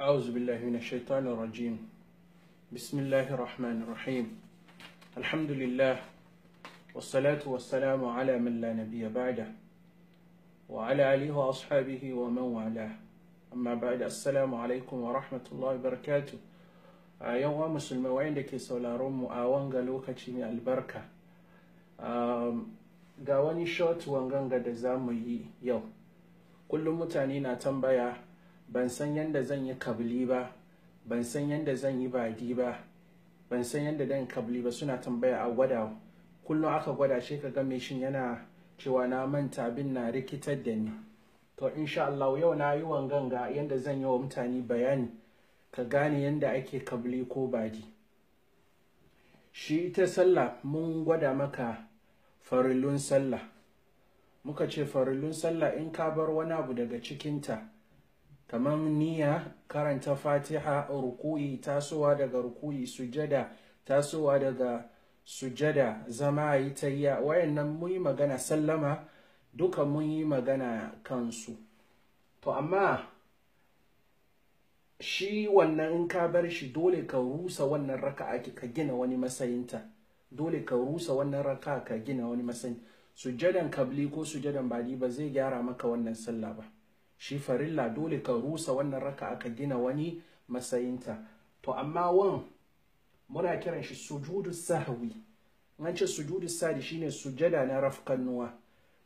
أعوذ بالله من الشيطان الرجيم بسم الله الرحمن الرحيم الحمد لله والصلاة والسلام على من لا نبي بعده وعلى آله وأصحابه ومن والاه أما بعد السلام عليكم ورحمة الله وبركاته آه، أيوة مسلم وين دكي سولاروم وأوان آه، غالوكا تشيمي البركة غاواني شوت وانغانغا دزامو يو كل متانين أتنبايا ban san yadda zan yi kabli ba ban san yadda zan yi badi ba ban san yadda dan kabli ba suna tambaya a gwada kullum aka gwada shi ka game shin yana cewa na manta bin na rikitar da ni to insha Allah yau na yi ganga yadda zan yi wa mutane bayani ka gane yadda ake kabli ko badi shi ita sallah mun gwada maka farillun sallah muka ce farillun sallah in ka bar wani abu daga cikinta kamar niya karanta fatiha ruku'i tasowa daga ruku'i sujada tasowa daga sujada zama yi tayya wayannan mun yi magana sallama duka mun yi magana kansu to amma shi wannan in ka bar shi dole ka rusa wannan raka'a ka gina wani matsayinta dole ka rusa wannan raka'a ka gina wani matsayin sujadan kabli ko sujadan bali ba zai gyara maka wannan sallah ba shi farilla dole ka rusa wannan raka aka gina wani matsayinta to amma wan muna kiran shi sujudu sahwi an ce sujudu sahwi shine sujada na rafkannuwa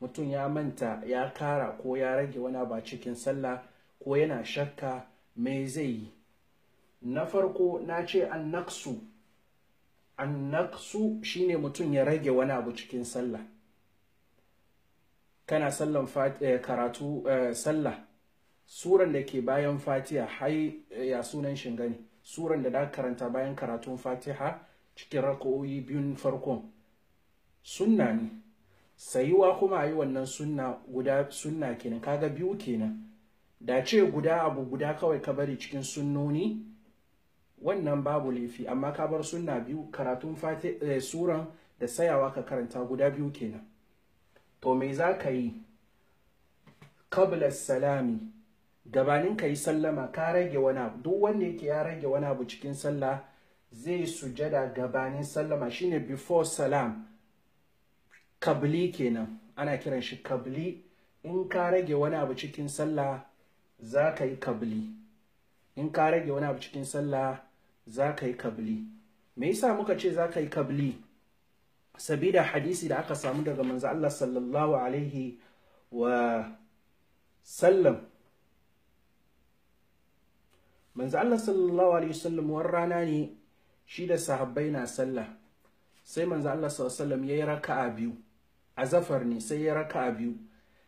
mutum ya manta ya kara ko ya rage wani ba cikin sallah ko yana shakka me zai yi na farko na ce an naqsu an naqsu shine mutum ya rage wani abu cikin sallah kana sallan eh, karatu eh, sallah suran da ke bayan fatiha hai eh, ya sunan shinga ne suran da da karanta bayan karatun fatiha cikin rakoyi biyun farkon sunna ne sayuwa kuma a yi wannan sunna guda sunna kenan kaga biyu kenan da ce guda abu guda kawai ka bari cikin sunnoni wannan babu laifi amma ka bar sunna biyu karatun suran da sayawa ka karanta guda biyu kenan to me za ka yi kabilar salami gabanin ka yi sallama ka rage wani abu duk wanda yake ya rage wani abu cikin sallah zai sujada gabanin sallama shine before salam kabli kenan ana kiran shi kabli in ka rage wani abu cikin sallah za ka yi kabli in ka rage wani abu cikin sallah za ka yi kabli me yasa muka ce za ka yi kabli sabida hadisi da aka samu daga manzo Allah sallallahu alaihi wa sallam manzo Allah sallallahu alaihi wasallam war rana ne shi da sahabbai na sallah sai manzo Allah sallallahu alaihi wasallam yayi raka'a biyu a zafar ne sai ya raka'a biyu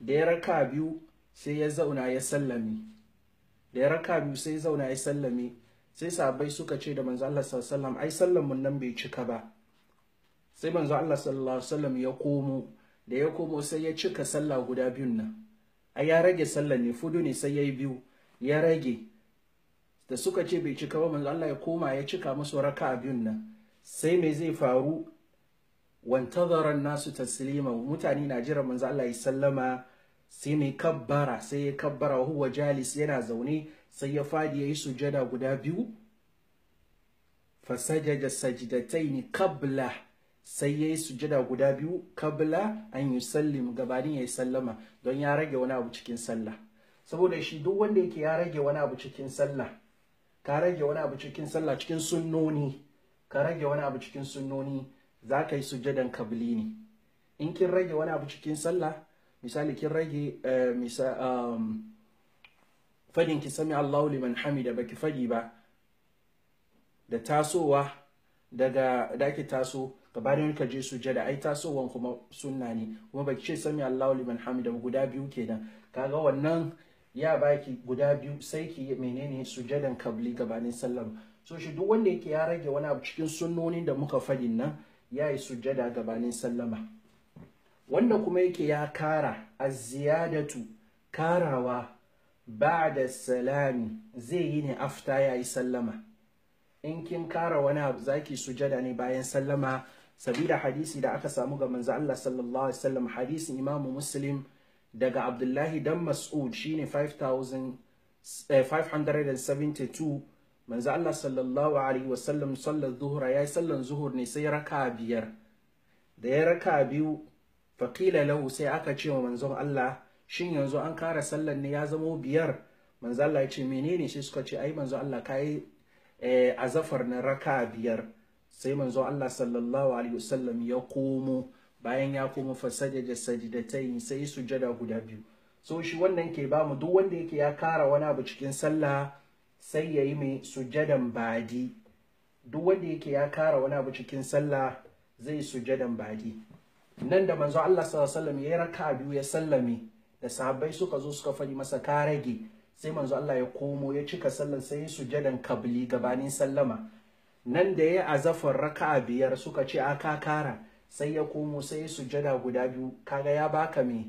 da ya raka'a biyu sai ya zauna ya sallame da ya raka'a biyu sai ya zauna ya sallame sai sahabbai suka ce da manzo Allah sallallahu alaihi wasallam ai sallan mun nan bai cika ba sai manzo Allah sallallahu alaihi wasallam ya komo da ya komo sai ya cika sallah guda biyun nan a ya rage sallar ne fudu ne sai ya yi biyu ya rage da suka ce bai cika ba manzo Allah ya koma ya cika musu raka biyun nan sai me zai faru wantazaran nasu taslima mutane na jira manzo Allah ya sallama sai mai kabbara sai ya kabbara huwa jalis yana zaune sai ya fadi yayi sujada guda biyu fasajaja sajdataini qabla sai ya yi sujada guda biyu kabla an yi yusallim gabanin ya yi sallama don ya rage wani abu cikin sallah saboda shi duk wanda yake ya rage wani abu cikin sallah ka rage wani abu cikin sallah cikin sunnoni ka rage wani abu cikin sunnoni za ka yi sujadan kabli ne in kin rage wani abu cikin sallah misali kin rage eh, um, fadin ki sami Allahu liman hamida baki fadi ba da tasowa daga da ake taso gabanin ka je sujada ai tasowan kuma sunna ne kuma baki ce sami Allahu liman hamida guda biyu kenan kaga wannan ya baki guda biyu sai ki menene sujadan kabli gabanin sallam so shi duk wanda yake ya rage wani abu cikin sunnonin da muka fadi nan ya yi sujada gabanin sallama wanda kuma yake ya kara az-ziyadatu karawa ba'da salami zai yi ne afta ya yi sallama in kin kara wani abu zaki sujada ne bayan sallama sabida hadisi da aka samu ga manzo Allah sallallahu alaihi wasallam hadisin Imam Muslim daga Abdullahi dan Mas'ud shine 5572 eh, manzo Allah sallallahu alaihi wasallam sallar zuhura yayi sallan zuhur ne sai raka biyar da ya raka biyu faqila lahu sai aka ce wa manzon Allah shin yanzu an kara sallar ne ya zama biyar manzo Allah ya ce menene shi suka ce ai manzo Allah kai eh, azafar na raka biyar sai manzo Allah sallallahu alaihi wasallam ya komo bayan ya komo fasaje da sajidatai sai sujada guda biyu so shi wannan ke ba mu duk wanda yake ya kara wani abu cikin sallah sai ya yi mai sujadan badi duk wanda yake ya kara wani abu cikin sallah zai sujadan badi nan da manzo Allah sallallahu alaihi wasallam ya raka biyu ya sallame da sahabbai suka zo suka fadi masa ka rage sai manzo Allah ya komo ya cika sallan sai sujadan kabli gabanin sallama nan da ya azafar raka'a biyar suka ce aka kara sai ya komo sai ya sujada guda biyu kaga ya baka me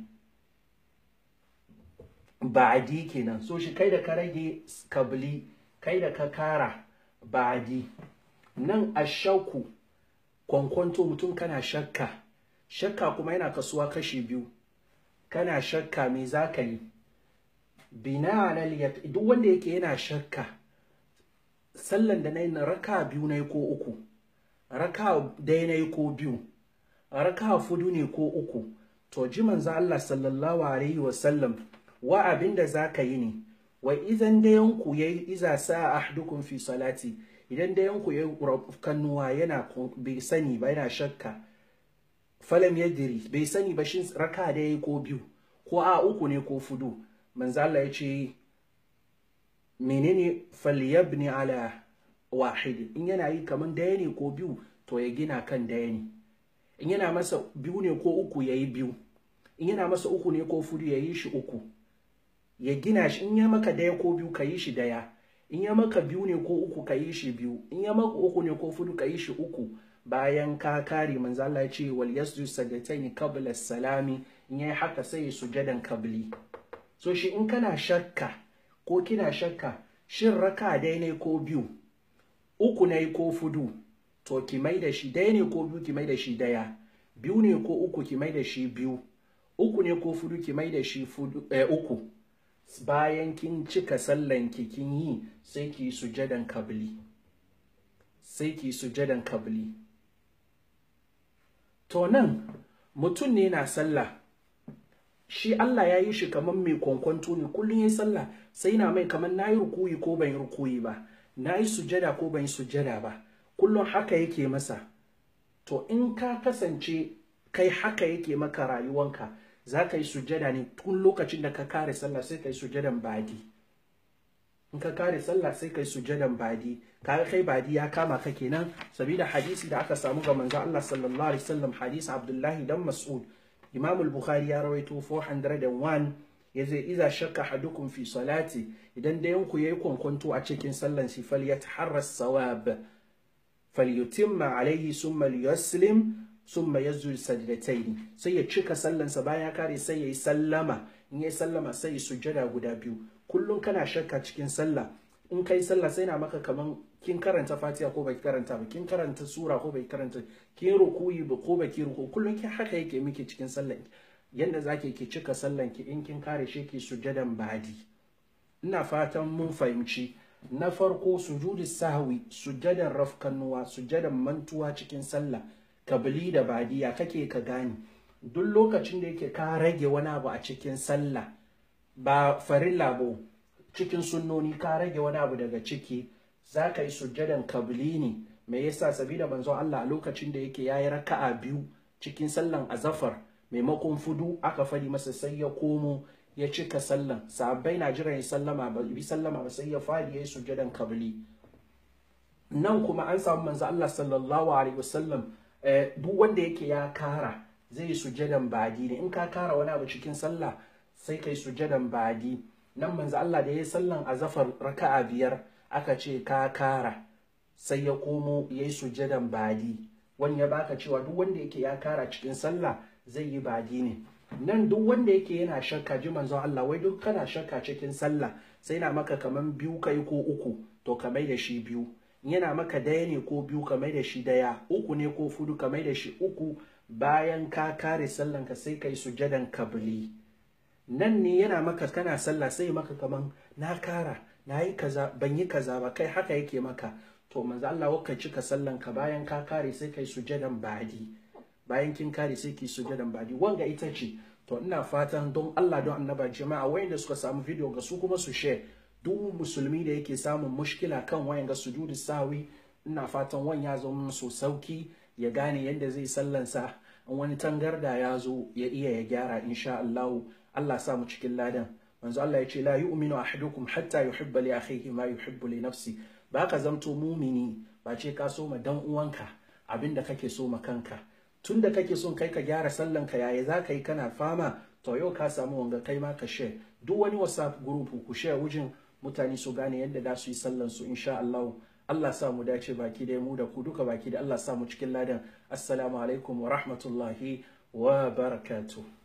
ba'adi kenan so shi kai da ka rage kabli kai da ka kara ba'adi nan a shaku. kwankwanto mutum kana shakka shakka kuma yana kasuwa kashi biyu kana shakka me za ka yi bina alal duk wanda yake yana shakka sallan da na yi raka biyu na yi ko uku raka daya na ko biyu raka fudu ne ko uku to ji manzo Allah sallallahu alaihi wa sallam wa abinda zaka yi ne wa idan dayan ku yayi iza sa ahdukum fi salati idan dayan ku yayi kannuwa yana bai sani ba yana shakka falam yadri bai sani ba shin raka da ko biyu ko a uku ne ko fudu manzo Allah ya ce menene falyabni ala wahidin in yana yi kaman daya ne ko biyu to ya gina kan daya ne in yana masa biyu ne ko uku ya yi biyu in yana masa uku ne ko fudu ya yi shi uku ya gina shi in ya maka daya ko biyu ka yi shi daya in ya maka biyu ne ko uku ka yi shi biyu in ya maka uku ne ko fudu ka yi shi uku bayan ka kare manzo Allah ya ce wal yasjud sajdatayni qabla salami in yayi haka sai sujadan qabli so shi in kana shakka ko kina shakka shin raka dai ne ko biyu uku ne ko fudu to ki mai da shi dai ne ko biyu ki mai da shi daya biyu ne ko uku ki mai da shi biyu uku ne ko fudu ki mai da shi fudu eh, uku bayan kin cika sallan ki kin yi sai ki sujadan kabli sai ki sujadan kabli to nan mutum ne na sallah shi Allah ya yi shi kamar mai kwankwanto ne kullum ya yi sallah sai na mai kamar na yi rukuyi ko ban rukuyi ba na yi sujada ko ban yi sujada ba kullum haka yake masa to in ka kasance kai haka yake maka rayuwanka za ka yi sujada ne tun lokacin da ka kare sallah sai ka yi sujadan badi in ka kare sallah sai ka yi sujadan badi kaga kai badi ya kama ka kenan sabida hadisi da aka samu ga manzo Allah sallallahu alaihi wasallam hadisi Abdullahi dan Mas'ud Imam al-Bukhari ya rawaito 401 ya zai isa shakka hadukum fi salati idan dayanku yanku yayi kwankwanto a cikin sallan shi falyataharras alaihi falyutimma alayhi summa liyaslim summa yazul sajdatayn sai ya cika sallansa baya kare sai yayi sallama in yayi sallama sai sujjada guda biyu kullum kana shakka cikin sallah in kai sallah sai na maka kaman kin karanta fatiha ko baki karanta ba kin karanta sura ko baki karanta kin rukuyi ba ko baki ruku kullun ki haka yake miki cikin sallan ki yanda zake ki cika sallan ki in kin kare shi ki sujadan badi ina fatan mun fahimci na farko sujudi sahwi sujadan rafkanuwa sujadan mantuwa cikin sallah kabli da badiya kake ka gane duk lokacin da yake ka rage wani abu a cikin sallah ba farilla ba cikin sunnoni ka rage wani abu daga ciki za ka yi sujjadan kabili ne me yasa sabida manzo Allah a lokacin da yake yayi raka'a biyu cikin sallan azafar maimakon fudu aka fadi masa sai ya komo ya cika sallan sahabbai na jiran ya sallama ba bi sallama ba sai ya fadi yayi sujjadan kabili nan kuma an samu manzo Allah sallallahu alaihi wasallam eh, duk wanda yake ya kara zai yi sujjadan badi ne in ka kara wani abu cikin sallah sai kai sujjadan badi nan manzo Allah da ya yi sallan azafar raka'a biyar aka ce ka kara sai ya komo ya yi sujadan badi wani ya baka cewa duk wanda yake ya kara cikin sallah zai yi badi ne nan duk wanda yake yana shakka ji manzon Allah wai duk kana shakka cikin sallah sai na maka kaman biyu kai ko uku to ka mai da shi biyu yana maka daya ne ko biyu ka mai da shi daya uku ne ko fudu ka mai da shi uku bayan ka kare sallan ka sai kai sujadan kabli nan ne yana maka kana sallah sai maka kaman na kara na yi kaza ban yi kaza ba kai haka yake maka to manzo Allah ka cika sallan ka bayan ka kare sai kai sujadan badi bayan kin kare sai ki sujadan badi wanga ita ce to ina fatan don Allah don annaba jama'a wayanda suka samu video ga su kuma su share duk musulmi da yake samun mushkila kan wayan ga sujudu sawi ina fatan wan ya zo musu sauki ya gane yadda zai sallansa in wani tangarda ya zo ya iya ya gyara insha Allah Allah sa mu cikin ladan manzo Allah ya ce la yu'minu ahadukum hatta yuhibba li akhihi ma yuhibbu li nafsi ba ka zamto mumini ba ce ka so ma dan uwanka abinda kake so ma kanka tunda kake so kai ka gyara sallan ka yaya za ka yi kana fama to yau ka samu wanga kai ma ka share duk wani whatsapp group ku share wujin mutane su gane yadda za su yi sallan su insha Allah Allah sa mu dace baki da mu da ku duka baki da Allah sa mu cikin ladan assalamu alaikum wa rahmatullahi wa barakatuh